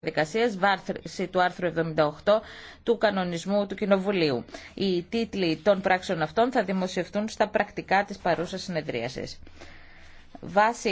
διαδικασίες βάρση του άρθρου 78 του κανονισμού του Κοινοβουλίου. Οι τίτλοι των πράξεων αυτών θα δημοσιευτούν στα πρακτικά της παρούσας συνεδρίασης. Βάση